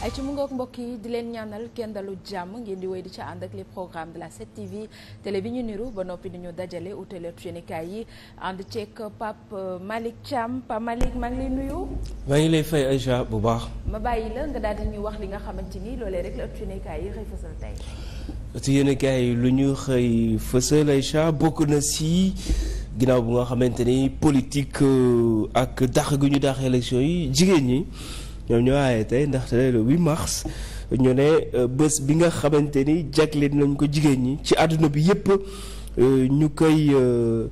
ay ci mu ngoog mbokk yi di leen ñaanal kenn dalu jàmm ngeen di wéy di ci ànd ak les programmes de la 7TV télé bi ñu niru ba noppi di ñu dajale utale yenekaay yi ànd ceeg Pape euh, Malick Thiam Pape Malick maa ngi lay nuyu. maa ngi lay fay Aïcha bu baax. ma bàyyi la nga daal di ñuy wax li nga xamante ni loolee rek la ëpp yenekaay yi xëy fësal tey. yi lu ñu xëy fësal Aïcha bokk na si. ginnaaw bu nga xamante ni politique euh, ak dàq gu ñu dàq élection yi jigéen ñi. ñoom ñoo ndax ndaxte le 8 mars ñu ne euh, bés bi nga xamante ni jagleel nañ ko jigéen ñi ci àdduna bi yépp euh, ñu koy euh,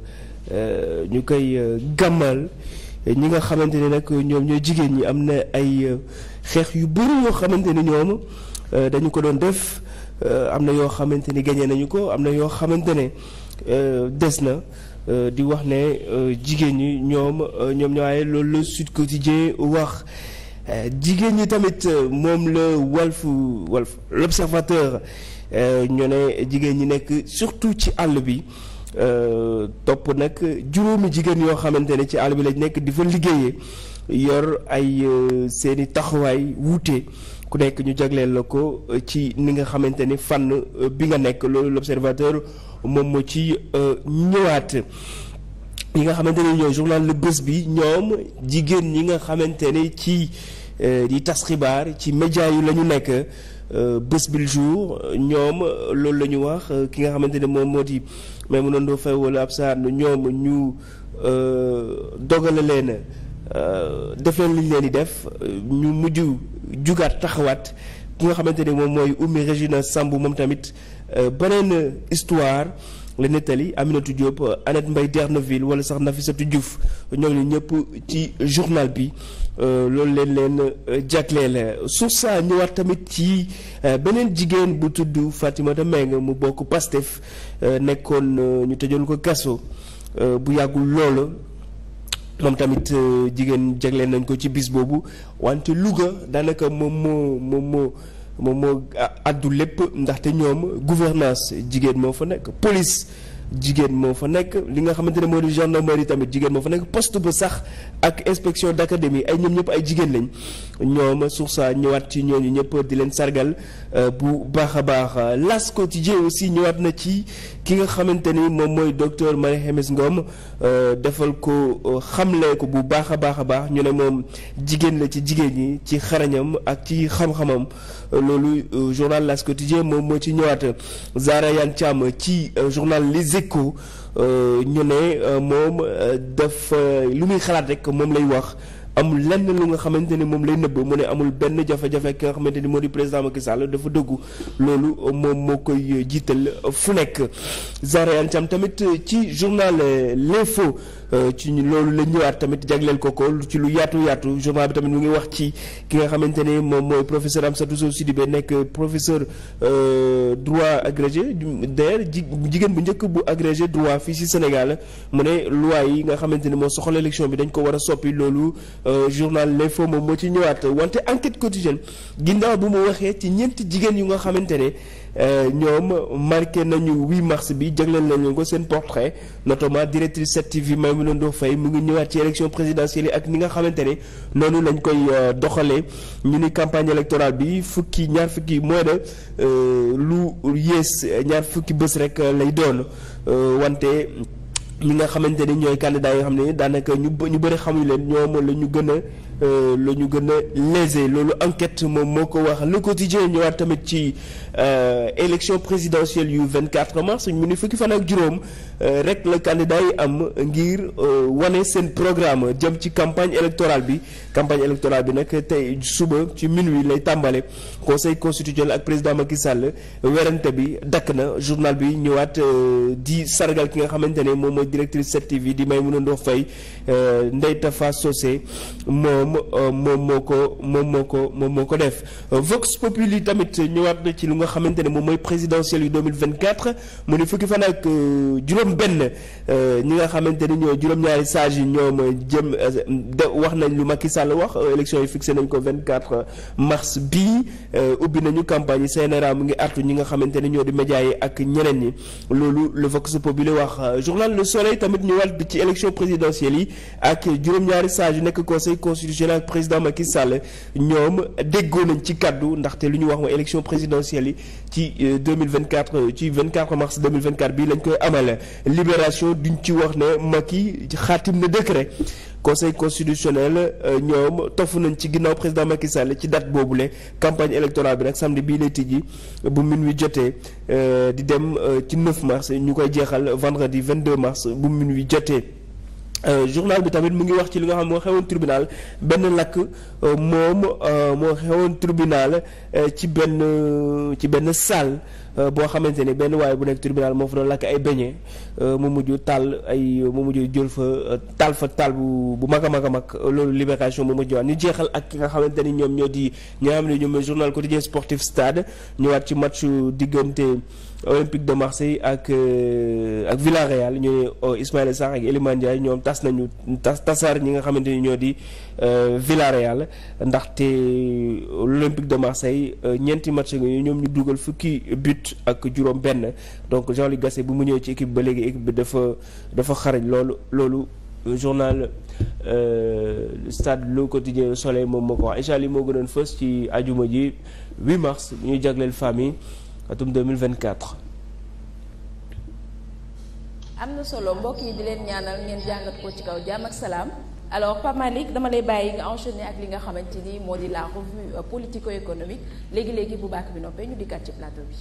ñu koy gàmmal ñi nga xamante ni nag ñoom ñoo jigéen ñi am na ay xeex yu bëri yoo xamante ni ñoom dañu ko doon def am na yoo xamante ni gañe nañu ko am na yoo xamante ne des na di wax ne jigéen ñi ñoom ñoom ñoo waaye loolu la Sud Quotidien wax Euh, jigéen ñi tamit euh, moom la Walf Walf l'Observateur euh, ñu ne jigéen ñi nekk surtout ci àll bi topp nag juróomi jigéen yoo xamante ne ci àll bi lañ nekk di fa liggéeyee yor ay seeni taxawaay wuute ku nekk ñu jagleel la ko ci ni nga xamante ni fànn bi nga nekk loolu l'Observateur moom moo ci ñëwaat. ñi nga xamante ne ñooy journal Le Bës bi ñoom jigéen ñi nga xamante ne ci euh, di tas xibaar ci média yi la ñu nekk euh, bés bi jour ñoom loolu la ñu wax euh, ki nga xamante ne moom moo di may mu noon doo wala ab saar ñoom ñu dogale leen def leen liñ leen di def ñu mujj jugaat taxawaat ki nga xamante ne moom mooy Oumy Régina Sambou moom tamit beneen histoire la nettali Aminata Diop Annette Mbaye Derneville wala sax Nafissatou Diouf ñoom ñëpp ci journal bi euh, loolu leen leen euh, jagleel su saa ñëwaat tamit ci euh, beneen jigéen bu tudd Fatimata Mbengue mu bokk Pastef nekkoon ñu tëjoon ko kaso bu yàggul loolu moom tamit jigéen jagleel nañ ko ci bis boobu wante Louga daanaka moom moo moom moo moom moo addu lépp ndaxte ñoom gouvernance jigéen moo fa nekk police jigéen moo fa nekk li nga xamante ne moo di gendarmerie tamit jigéen moo fa nekk post ba sax ak inspection d'académie ay ñoom ñëpp ay jigéen lañ ñoom suuf saa ñëwaat ci ñooñu ñëpp di leen sargal euh, bu baax a baax L'As Quotidien aussi ñëwaat na ci ki nga xamante ni moom mooy docteur Marie Xemes Ngom euh, defal ko euh, xamlee ko bu baax a baax a baax ñu ne moom jigéen la ci jigéen ñi ci xarañam ak ci xam-xamam loolu journal L'As Quotidien moom mooy ci ñëwaat Zahra Iyane Thiam ci journal Les les échos euh, ñu ne euh, moom euh, daf lu muy xalaat rek moom lay wax am lenn lu nga xamante ni moom lay nëbb mu ne amul benn jafe-jafe ki nga xamante ni moo di président Macky Sall dafa dëggu loolu moom moo koy jiital fu nekk Zahra Iyane Thiam tamit ci journal L'Info Euh, ci loolu la ñëwaat tamit jagleel ko ko ci lu yaatu yaatu journal bi tamit mu ngi wax ci ki nga xamante ne moom mooy professeur Amsatou Sow Sidibé nekk professeur euh, droit agrégé d'ailleurs jigéen bu njëkk bu agrégé droit fii ci Sénégal mu ne loi yi nga xamante ne moo soxla élection bi dañ ko war a soppi loolu euh, journal L'Info moom moo ci ñëwaat wante enquête quotidienne ginnaaw bu mu waxee ci ñeenti jigéen yu nga xamante ne ñoom marqué nañu 8 mars bi jagleel nañu ko seen portrait Aminata Ndour Faye mu ngi ñëwaat ci élection présidentielle yi ak ni nga xamante ne noonu lañ koy euh, doxalee ñu ni campagne électorale bi fukki ñaar fukki mooy de euh, lu yées ñaar fukki bés rek euh, lay doon wante ñi nga xamante ni ñooy candidats yi nga xam ne daanaka ñu ñu bëri xamuñu leen ñoom la ñu gën a la ñu gën a lésé loolu enquete moom moo ko wax le quotidien ñëwaat tamit ci élection présidentielle yu 24 mars mu ni fukki fan ak juróom rek la candidat yi am ngir euh, wane seen programme jëm ci campagne électorale bi campagne électorale bi nag tey suba ci wi lay tàmbale conseil constitutionnel ak président ma ki Sall werante bi dakk na journal bi ñëwaat euh, di sargal ki nga xamante ne moom mooy directrice 7TV di Maïmouna Ndour Faye euh, Ndeye Tafa Socé moom moom moo ko moom moo ko moom moo ko def Vox yi tamit ñëwaat na ci lu nga xamante ne moom mooy présidentielle yu 2024 mu ne fukki fan ak juróom juróom-benn euh, ñi nga xamante ni ñoo juróom-ñaari sages yi ñoom euh, jëm euh, wax nañ lu Macky Sall wax élection yi fixé nañ ko 24 mars bii ubbi nañu campagne yi CNRA mu ngi artu ñi nga xamante ni ñoo di média yi ak ñeneen ñi loolu le Vox Populi wax journal Le Soleil tamit ñu wàll ci élection présidentielle yi ak juróom-ñaari sages yu nekk conseil constitutionnel ak président Macky Sall ñoom déggoo nañ ci kaddu ndaxte lu ñu wax mooy élection présidentielle yi ci 2024 ci 24 mars 2024 bii lañ koy amale libération duñ ci wax ne Macky xaatim na décret conseil constitutionnel euh, ñoom tofu nañ ci ginnaaw président Macky Sall ci boobu le campagne électorale bi nag samdi bii lay tijji bu wi jotee euh, di dem euh, ci 9 mars ñu koy jeexal vendredi 22 mars bu minuit jotee. journal bi tamit mu ngi wax ci li nga xam moo xewoon tribunal benn lakk moom moo xewoon tribunal ci benn ci benn salle. Euh, boo xamante ni benn waaye bu nekk tribunal moo fa doon lakk ay beñe euh, mu mujj taal ay mu mujj jël fa euh, taal fa taal bu bu mag a mag a mag loolu libération mu mujj waat ñu jeexal ak ki nga xamante ni ñoom ñoo di ñi nga xam ne ñoom journal quotidien sportif stade ñëwaat ci matchu diggante Olympique de Marseille ak ak villa Villarreal ñu ne Ismaïla Sarr ak Iliman ñoom tas nañu tas tasaar ñi nga xamante ni ñoo di Euh, Villarreal ndaxte Olympique de Marseille euh, ñeenti match yi ñoom ñu dugal fukki but ak juróom benn donc Jean-Louis Gasset bu mu ñëwee ci équipe ba léegi équipe bi dafa dafa xarañ loolu loolu journal euh, Stade Le Quotidien Le Soleil moom moo ko wax incha allah moo gënoon fës ci ajuma ji 8 mars bu ñuy jagleel famille atum 2024 am na solo mbokk yi alors Pape Malick dama lay bàyyi nga enchaîner ak li nga xamante ni moo di la revue euh, politico-économique léegi léegi bu baax bi noppee ñu dikkaat ci plateau bi.